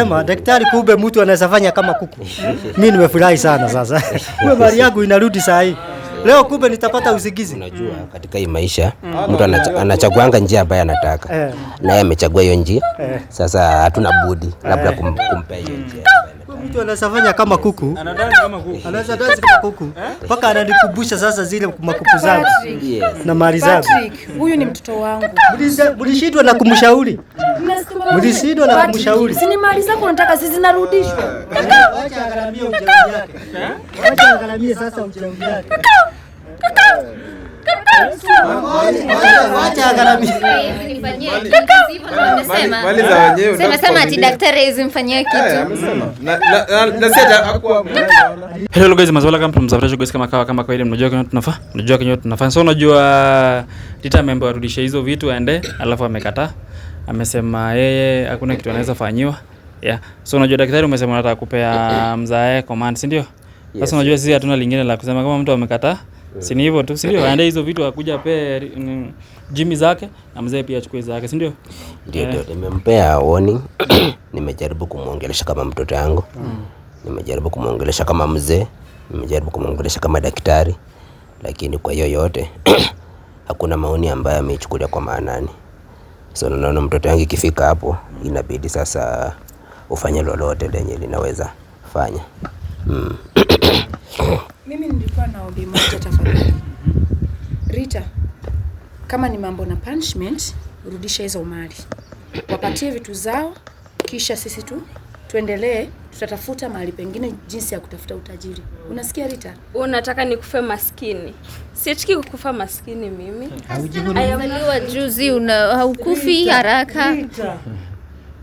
Sema daktari, kumbe mtu anaweza fanya kama kuku. Mimi nimefurahi sana sasa. Wewe bari yangu inarudi saa hii. Leo kumbe nitapata usingizi. Unajua katika hii maisha mtu anachaguanga njia ambayo anataka. Eh. Na yeye amechagua hiyo njia. Eh. Sasa hatuna budi labda kumpea hiyo njia. Mtu anaweza fanya kama kuku, anaweza dance kama kuku mpaka eh? ananikumbusha sasa zile makuku zangu na mali zangu. Huyu ni mtoto wangu. Mlishindwa na kumshauri, mlishindwa na kumshauri. Si ni mali zako unataka, si zinarudishwa? Acha angalamie eh? sasa uchawi wake mali eh, unajua tita membe hizo vitu aende alafu amekata amesema yeye hakuna kitu anaweza fanyiwa yeah so unajua daktari umesema unataka kupea mzae command si ndio sasa unajua sisi hatuna lingine la kusema kama mtu amekataa Eh. Si ni hivyo tu, si ndio? Aende yaani hizo vitu akuja ape Jimmy zake na mzee pia achukue zake, si ndio? Ndio, ndio eh. nimempea warning. Nimejaribu kumwongelesha kama mtoto yangu, mm. nimejaribu kumwongelesha kama mzee, nimejaribu kumwongelesha kama daktari, lakini kwa hiyo yote hakuna maoni ambayo ameichukulia kwa maanani. So naona mtoto yangu ikifika hapo, inabidi sasa ufanye lolote lenye linaweza fanya mm. Mimi nilikuwa na ombi moja tafadhali. Rita, kama ni mambo na punishment, rudisha hizo mali, wapatie vitu zao, kisha sisi tu tuendelee, tutatafuta mahali pengine jinsi ya kutafuta utajiri. Unasikia Rita? Unataka nikufe maskini? Sitaki kukufa maskini mimi. Ayamliwa juzi, una haukufi haraka Rita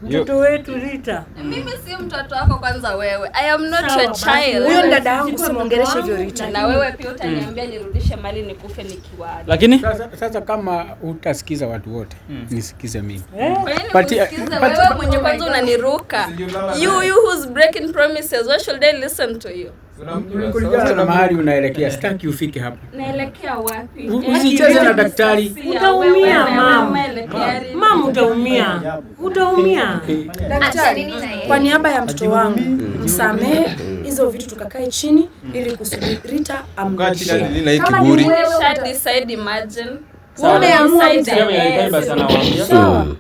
mtoto wetu Rita. Mimi si mtoto wako kwanza wewe. I am not your child. Huyo ni dada yangu simuongeleshe hiyo Rita. Na wewe pia utaniambia nirudishe mali nikufe nikiwa. Lakini sasa, sasa kama utasikiza watu wote mm. nisikize mimi. Yeah. wewe mwenye kwanza unaniruka. You you who's breaking promises. Why should they listen to you? na mahali unaelekea, sitaki ufike hapo. Naelekea wapi? Yaani usicheze na daktari, utaumia mama, Mama utaumia, utaumia. Daktari, kwa niaba ya mtoto wangu mm. msamehe mm. hizo vitu, tukakae chini ili kusudi Rita amrudishie. Mm.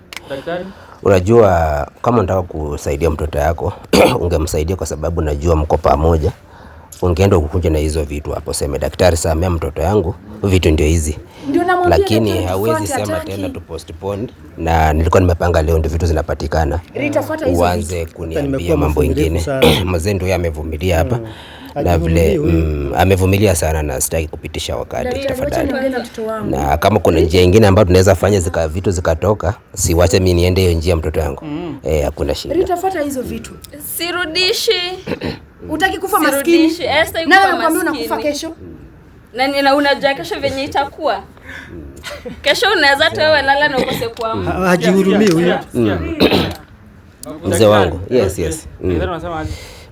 Unajua, kama unataka kusaidia mtoto yako ungemsaidia, kwa sababu najua mko pamoja ungeenda ukukuja na hizo vitu hapo, sema daktari, samea mtoto yangu vitu ndio hizi lakini hawezi sema tena tu postpone, na nilikuwa nimepanga leo ndio vitu zinapatikana, uanze kuniambia mambo ingine. Mzee ndio amevumilia hapa hmm. na vile mm, amevumilia sana na sitaki kupitisha wakati tafadhali. Na kama kuna njia ingine ambayo tunaweza fanya zika vitu zikatoka, siwache mimi niende hiyo njia, mtoto wangu mm. Eh, hakuna shida, nitafuta hizo hmm. vitu, sirudishi. Utaki kufa maskini, eh, na nakwambia unakufa kesho na nina unajua kesho venye itakuwa kesho, unaweza tu wewe lala na ukose kuamka. Mm. Hajihurumii huyo mm. mzee wangu. Yes, yes. Mm.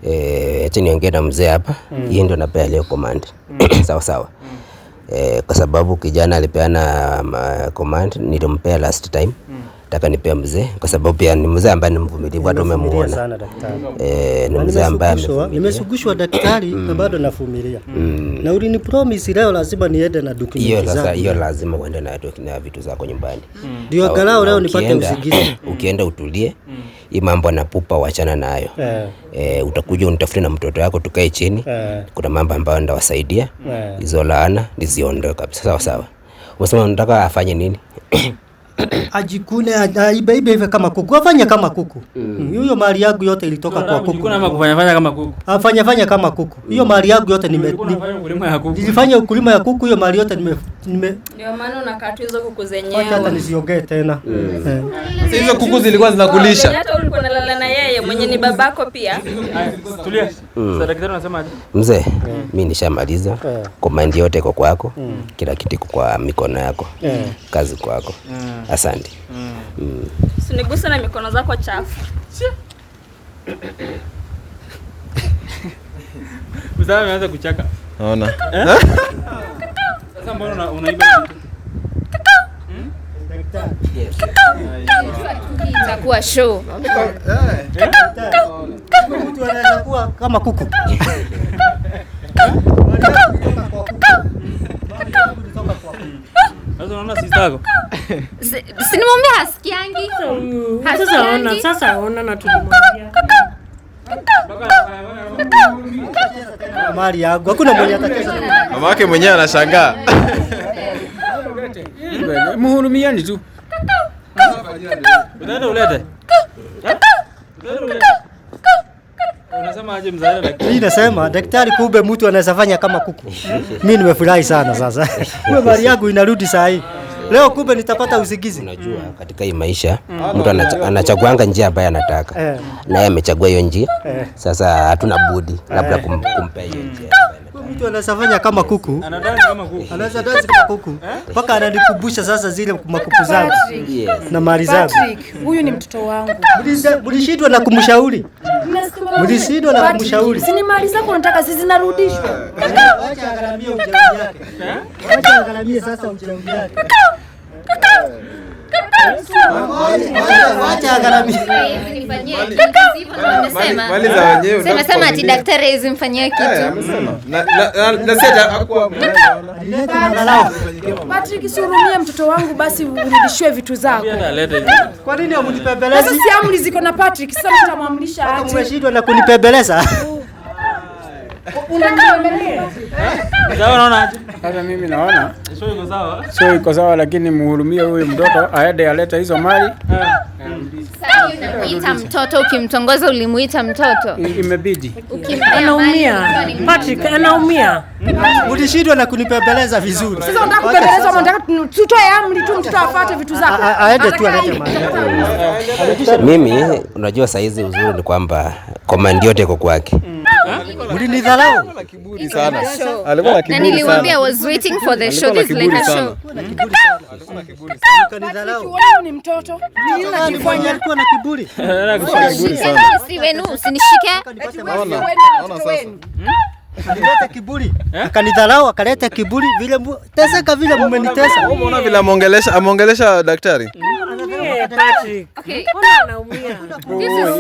Eh, acha niongee na mzee hapa, yeye ndio anapea leo command. Sawa sawa. Eh, kwa sababu kijana alipeana command nilimpea last time takanipea mzee, kwa sababu pia ni mzee ambaye ni mvumilivu, hata umemuona eh, ni yaani mzee ambaye nimesugushwa daktari mm. na bado nafumilia mm. Na ulini promise leo lazima niende na document zangu. Hiyo sasa, hiyo lazima uende na na vitu zako nyumbani, mm. ndio angalau leo nipate usingizi. Ukienda utulie, hii mambo na pupa wachana nayo. Eh. eh, utakuja unitafute na mtoto wako tukae chini, eh. kuna mambo ambayo ndawasaidia, eh. hizo laana niziondoe kabisa. Sawa sawa, unasema unataka afanye nini? ajikune aibeibe kama kuku afanya mm. kama kuku hiyo mm. mali yangu yote ilitoka kwa kuku kuna ama kufanya fanya kama kuku afanye fanya kama kuku hiyo mali yangu yote nime nilifanya ukulima ya kuku hiyo mali yote nime nime ndio maana unakata hizo kuku zenyewe acha hata nisiongee tena mm. Eh. hizo kuku zilikuwa zinakulisha hata ulikuwa nalala na yeye mwenye ni babako pia tulia mm. sasa daktari anasema mzee mimi mm. nishamaliza eh. komandi yote kwa kwako kila kitu kwa mikono yako eh. kazi kwako mm. Asante. Mm. Usiniguse na mikono zako chafu. Mzaa ameanza kuchaka. Naona. Eh? Eh? Sasa mbona unaiba? Hmm? Itakuwa show. Mtu kama kuku. Eh? Sasa unaona sisi yako sinimwambia hasikiangi sasa ona sasa ona na tulimwambia mali yangu hakuna mwenye atacheza. Mama yake mwenyewe anashangaa. Mhurumiani tu. Unaenda ulete. Mimi nasema daktari, kumbe mtu anaweza fanya kama kuku. Mimi nimefurahi sana sasa. Wewe mali yangu inarudi saa hii leo kumbe nitapata usingizi. Unajua, katika hii maisha mtu anachaguanga njia ambayo anataka eh, naye amechagua hiyo njia eh. Sasa hatuna budi labda eh, kumpea hiyo hmm. njia mtu anaweza fanya kama kuku, anaweza dansi kama kuku mpaka eh? ananikumbusha sasa zile makuku zangu na mali zangu. Huyu ni mtoto wangu, mlishindwa na kumshauri, mlishindwa na kumshauri. Si ni mali zako unataka, si zinarudishwa? Acha agharamie eh? sasa ujeuri wake. Sema ati daktari hizi mfanyia kitu. Eh, Patrick, si urumie mtoto wangu basi urudishiwe vitu zako. Kwa nini amnipembelezi? Sasa si amri ziko na Patrick, sasa mtamwamrisha aje? Umeshindwa na kunipembeleza mimi naona sio iko sawa, lakini muhurumie huyu mtoto aende alete hizo mali. mtoto, ukimtongoza ulimuita mtoto, imebidi anaumia. Patrick anaumia, ulishindwa na kunipembeleza vizuri. Sasa unataka kupembeleza, unataka tutoe amri tu, mtoto afuate vitu zako, aende tu alete mali. Mimi unajua saizi uzuri ni kwamba komandi yote iko kwake. Mlinidharau sana. Alikuwa na kiburi sana. Niliwaambia I was waiting for the show is like a show. Kanidharau. Ni mtoto. Nilifanya alikuwa na kiburi. Alikuwa kiburi sana. Si wenu usinishike. Naona. Naona sasa. Akaleta hmm? kiburi. Hmm? Akanidharau, akaleta kiburi vile teseka vile mmenitesa. Umeona vile ameongelesha ameongelesha daktari. Hmm?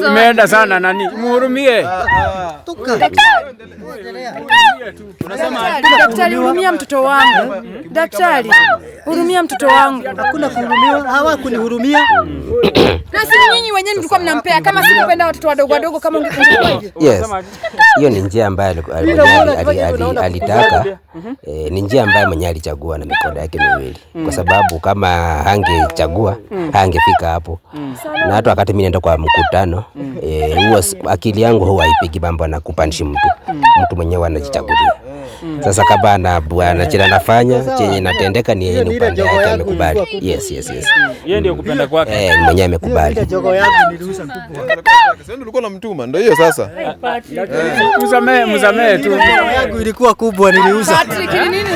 Umeenda uh, sana nani, muhurumie. Ah, ah. Daktari, hurumia mtoto wangu. Daktari, hurumia mtoto wangu. Hakuna kuhurumiwa, Hawa kunihurumia. Na si nyinyi wenyewe mlikuwa mnampea, kama si mpenda watoto wadogo wadogo kama ungekuwa. Yes. Hiyo ni njia ambayo alitaka, mhm. eh, ni njia ambayo mwenyewe alichagua na mikono yake miwili, kwa sababu kama hangechagua mm. hangefika kufika hapo mm. na hata wakati mimi naenda kwa mkutano mm. e, akili yangu huwa haipigi mambo na kupanishi mtu mm. mtu mwenyewe anajichagulia Mm. Sasa kabana bwana, eh. chenye anafanya chenye natendeka ni yeye, ni upande wake amekubali. Yes, yes, yes. Mm. Yeye ndio kupenda kwake, eh, mwenyewe amekubali. Ulikuwa unamtuma, ndio hiyo sasa. Eh. Msamee, msamee tu. Jogo yangu ilikuwa kubwa, niliuza.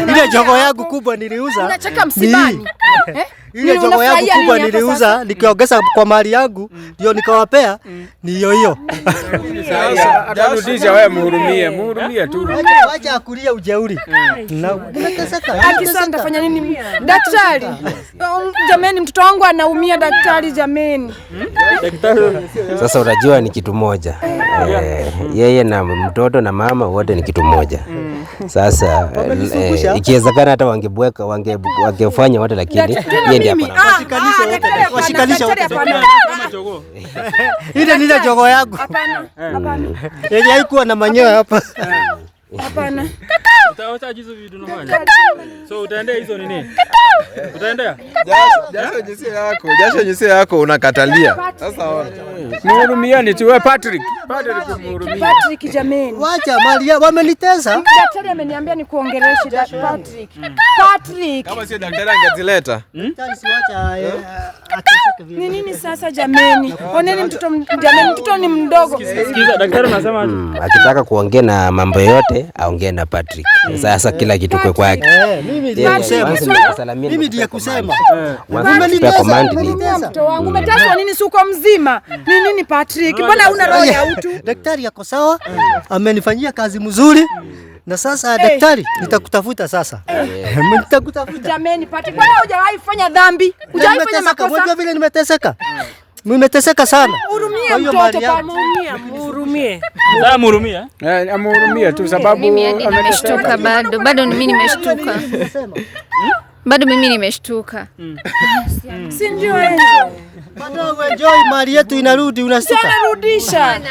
Ile jogo yangu kubwa niliuza. Unacheka msibani. Eh. Ile jogo yangu kubwa niliuza nikiongeza kwa mali yangu ndio nikawapea, mm. ni hiyo hiyo. Sasa atarudisha, wewe mhurumie, mhurumie tu. Acha akuli kulia ujeuri nitafanya nini daktari? Jameni, mtoto wangu anaumia daktari, jameni. Sasa unajua ni kitu moja eh. Eh, yeye na mtoto na mama wote ni kitu moja. Mm. Sasa eh, ikiwezekana hata wangebweka wangefanya wote, lakini yeye ndiye ah, ah, washikanisha wote ah. ile ndio jogo Hapana. Yeye haikuwa na manyoya hapa Hapana. Utaota hizo vitu unafanya. So utaendea hizo nini? Utaendea? Jasho, jasho jinsi yako, jasho jinsi yako unakatalia. Sasa ona. Muhurumieni tu wewe Patrick. Patrick Patrick jameni. Wacha Maria wamenitesa. Daktari ameniambia Patrick. Mm. Patrick. Kama daktari angezileta. Hmm? Eh, ni nini sasa jameni? Oneni mtoto jameni mtoto ni mdogo. Sikiza eh, daktari anasema hmm, akitaka kuongea na mambo yote aongee na Patrick. Hmm. Sasa kila kitu kwa kwake. Eh, mimi ndiye kusema. Mimi ndiye kusema. Mtoto wangu nini suko mzima? nini Patrick? Mbona una roho ya utu? Daktari yako sawa, eh. amenifanyia kazi mzuri eh. na sasa hey, eh. daktari nitakutafuta sasa. Nitakutafuta. Jamani Patrick, kwa nini hujawahi fanya dhambi. Hujawahi fanya makosa. Unajua vile nimeteseka? Nimeteseka sana. Hurumie mtoto kwa mumia, mhurumie. Sasa mhurumie? Eh, amhurumie tu sababu ameshtuka bado. Hmm? Bado mimi nimeshtuka. Bado mimi nimeshtuka. Si ndio? Enjoy mali yetu inarudi, unasika. Sasa Anarudisha.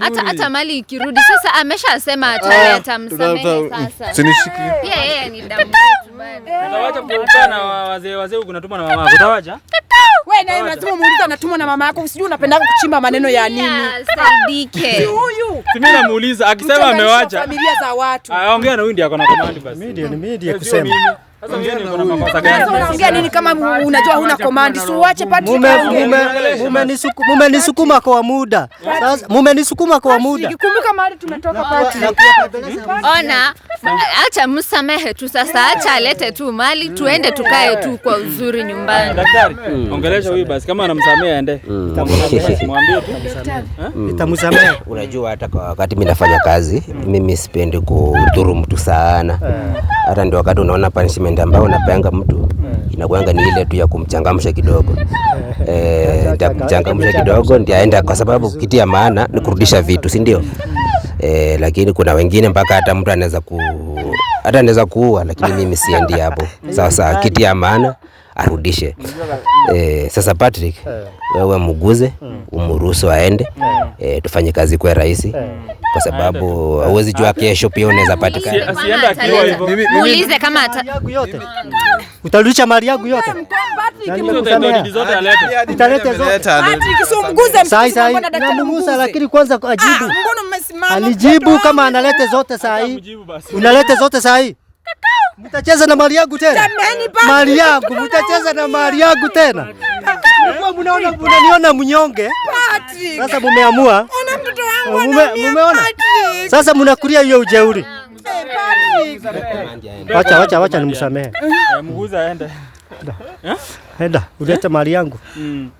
Hata hata mali ikirudi sasa ameshasema ah, ataleta msamaha sasa. Sinishiki. Yeye yeye ni damu. Utawacha kuonekana na wazee wazee huko natuma na mama yako. Utawacha? Wewe naye unasema muulize anatuma na mama yako. Usijui unapenda kuchimba maneno ya nini. Sadike. Huyu. Mimi namuuliza akisema amewacha. Familia za watu. Aongea na huyu ndiye akona command basi. Media ni media eh, kusema. Unaongea nini kama unajua huna komandi? Si uache Mumenisukuma kwa muda. Mumenisukuma kwa muda. Kumbuka mahali tumetoka hmm? Ona, acha msamehe tu sasa, acha alete tu mali hmm. tuende tukae tu kwa hmm. uzuri nyumbani. Daktari, ongelesha huyu basi kama anamsamehe aende. Mwambie Unajua hata wakati mimi nafanya kazi, mimi sipendi kudhuru mtu sana. Eh hata ndio wakati unaona punishment ambayo unapeanga mtu eh. inakuanga ni ile tu ya kumchangamsha kidogo eh, eh nitamchangamsha kidogo ndio aenda, kwa sababu kitu ya maana ni kurudisha vitu, si ndio? Eh, lakini kuna wengine mpaka hata mtu anaweza ku hata anaweza kuua, lakini mimi siendi hapo. Sawa sawa, kitu ya maana arudishe. Eh, sasa Patrick eh. wewe mguze, hmm. umruhusu aende, hmm. eh, tufanye kazi kwa rahisi, hmm. kwa sababu huwezi jua kesho pia unaweza patikana. Muulize kama utarudisha mali yangu yote, lakini kwanza ah, ajibu. Alijibu kama analete zote saa hii, unalete zote saa hii Mtacheza na mali yangu tena. Mali yangu, mtacheza na mali yangu tena. Mlikuwa mnaona mnaniona mnyonge. Sasa mumeamua. Oh, mumeona. Sasa mnakulia hiyo ujeuri. Eh, wacha, wacha, wacha nimsamehe. Eh, Mguza aende. Aenda, ulete mali yangu. Mm.